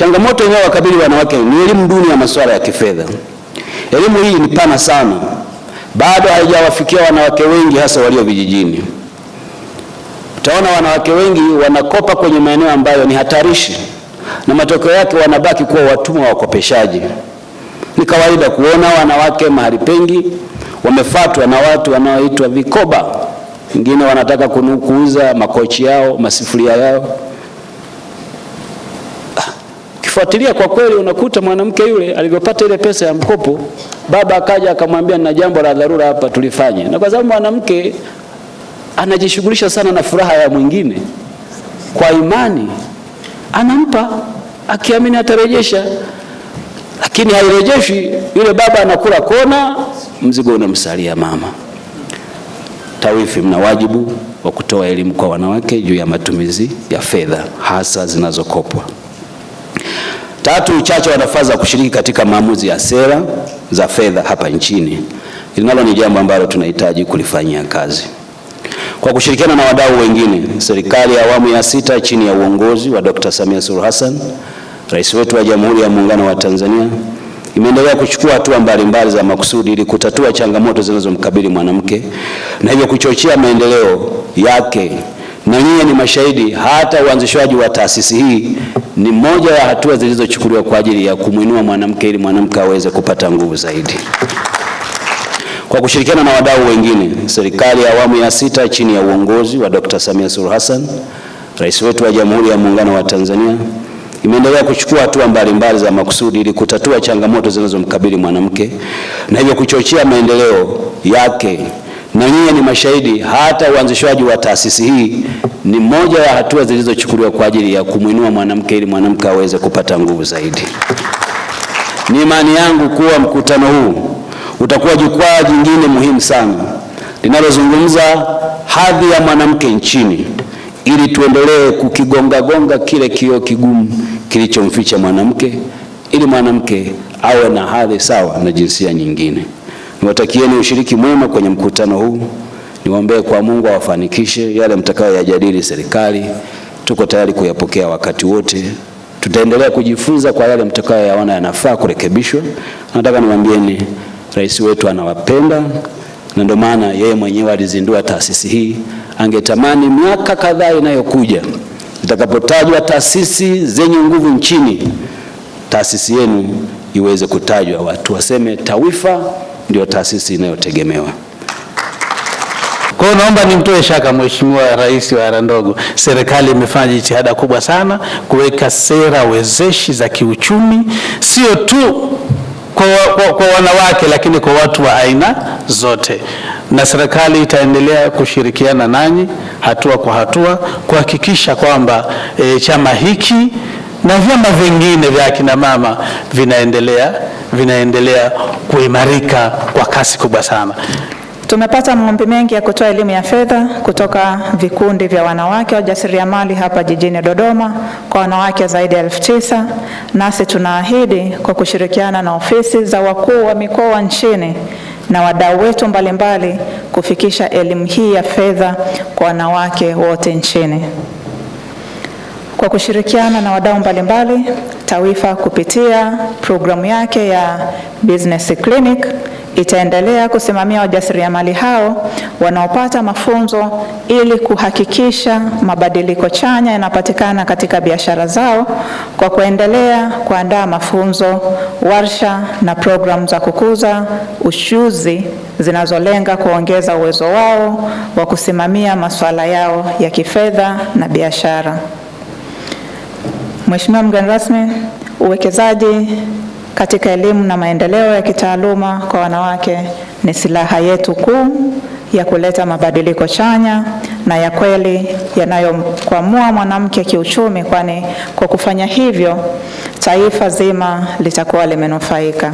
Changamoto inayowakabili wanawake ni elimu duni ya masuala ya kifedha. Elimu hii ni pana sana, bado haijawafikia wanawake wengi, hasa walio vijijini. Utaona wanawake wengi wanakopa kwenye maeneo ambayo ni hatarishi, na matokeo yake wanabaki kuwa watumwa wa wakopeshaji. Ni kawaida kuona wanawake mahali pengi wamefatwa na watu wanaoitwa vikoba, wengine wanataka kuuza makochi yao, masifuria yao Ukifuatilia kwa kweli, unakuta mwanamke yule alivyopata ile pesa ya mkopo, baba akaja akamwambia, nina jambo la dharura hapa, tulifanye. Na kwa sababu mwanamke anajishughulisha sana na furaha ya mwingine, kwa imani anampa akiamini atarejesha, lakini hairejeshi. Yule baba anakula kona, mzigo unamsalia mama. TAWIFI mna wajibu wa kutoa elimu kwa wanawake juu ya matumizi ya fedha hasa zinazokopwa. Tatu, uchache wa nafasi za kushiriki katika maamuzi ya sera za fedha hapa nchini. Linalo ni jambo ambalo tunahitaji kulifanyia kazi kwa kushirikiana na wadau wengine. Serikali ya awamu ya sita chini ya uongozi wa Dr. Samia Suluhu Hassan, rais wetu wa Jamhuri ya Muungano wa Tanzania, imeendelea kuchukua hatua mbalimbali za makusudi ili kutatua changamoto zinazomkabili mwanamke na hivyo kuchochea maendeleo yake na nyinyi ni mashahidi. Hata uanzishwaji wa taasisi hii ni moja ya hatua zilizochukuliwa kwa ajili ya kumwinua mwanamke ili mwanamke aweze kupata nguvu zaidi. Kwa kushirikiana na wadau wengine, serikali ya awamu ya sita chini ya uongozi wa Dkt. Samia Suluhu Hassan, rais wetu wa Jamhuri ya Muungano wa Tanzania, imeendelea kuchukua hatua mbalimbali za makusudi ili kutatua changamoto zinazomkabili mwanamke na hivyo kuchochea maendeleo yake na nyinyi ni mashahidi. Hata uanzishwaji wa taasisi hii ni moja ya hatua zilizochukuliwa kwa ajili ya kumwinua mwanamke ili mwanamke aweze kupata nguvu zaidi. Ni imani yangu kuwa mkutano huu utakuwa jukwaa jingine muhimu sana linalozungumza hadhi ya mwanamke nchini, ili tuendelee kukigongagonga kile kioo kigumu kilichomficha mwanamke, ili mwanamke awe na hadhi sawa na jinsia nyingine. Niwatakieni ushiriki mwema kwenye mkutano huu. Niwaombee kwa Mungu awafanikishe yale mtakayoyajadili serikali. Tuko tayari kuyapokea wakati wote. Tutaendelea kujifunza kwa yale mtakayoyaona yanafaa kurekebishwa. Nataka niwaambieni, rais wetu anawapenda na ndio maana yeye mwenyewe alizindua taasisi hii. Angetamani miaka kadhaa inayokuja itakapotajwa taasisi zenye nguvu nchini, taasisi yenu iweze kutajwa, watu waseme Tawifa ndio taasisi inayotegemewa. Kwa hiyo naomba nimtoe shaka Mheshimiwa Rais wa Ara Ndogo. Serikali imefanya jitihada kubwa sana kuweka sera wezeshi za kiuchumi, sio tu kwa, kwa, kwa wanawake lakini kwa watu wa aina zote, na serikali itaendelea kushirikiana nanyi hatua kwa hatua kuhakikisha kwamba e, chama hiki na vyama vingine vya akina mama vinaendelea vinaendelea kuimarika kwa kasi kubwa sana. Tumepata maombi mengi ya kutoa elimu ya fedha kutoka vikundi vya wanawake wajasiriamali hapa jijini Dodoma kwa wanawake zaidi ya elfu tisa. Nasi tunaahidi kwa kushirikiana na ofisi za wakuu wa mikoa nchini na wadau wetu mbalimbali kufikisha elimu hii ya fedha kwa wanawake wote nchini kwa kushirikiana na wadau mbalimbali TAWIFA kupitia programu yake ya Business Clinic itaendelea kusimamia wajasiriamali hao wanaopata mafunzo ili kuhakikisha mabadiliko chanya yanapatikana katika biashara zao kwa kuendelea kuandaa mafunzo, warsha na programu za kukuza ushuzi zinazolenga kuongeza uwezo wao wa kusimamia masuala yao ya kifedha na biashara. Mheshimiwa mgeni rasmi, uwekezaji katika elimu na maendeleo ya kitaaluma kwa wanawake ni silaha yetu kuu ya kuleta mabadiliko chanya na ya kweli yanayokwamua mwanamke kiuchumi, kwani kwa kufanya hivyo taifa zima litakuwa limenufaika.